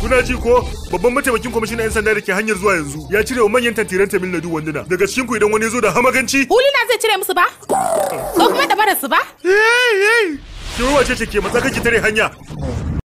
Kuna ji ko babban mataimakin kwamishinan 'yan sanda da ke hanyar zuwa yanzu ya cire wa manyan tantiran tamil na wanduna daga cikin ku idan wani ya zo da hamaganci. Huluna zai cire musu ba? Ko kuma da su ba? Ki wace ce ke matsa ki tare hanya?